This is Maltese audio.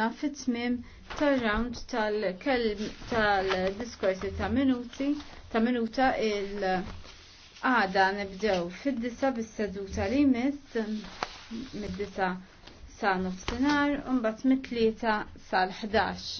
Na fit-tmim tal-round tal-diskorsi ta' minuti, ta' minuta il-għada nibdew fid-disa bis-seduta li mis, mid-disa sa' nofsinar, un bat mit-tlieta sal-11.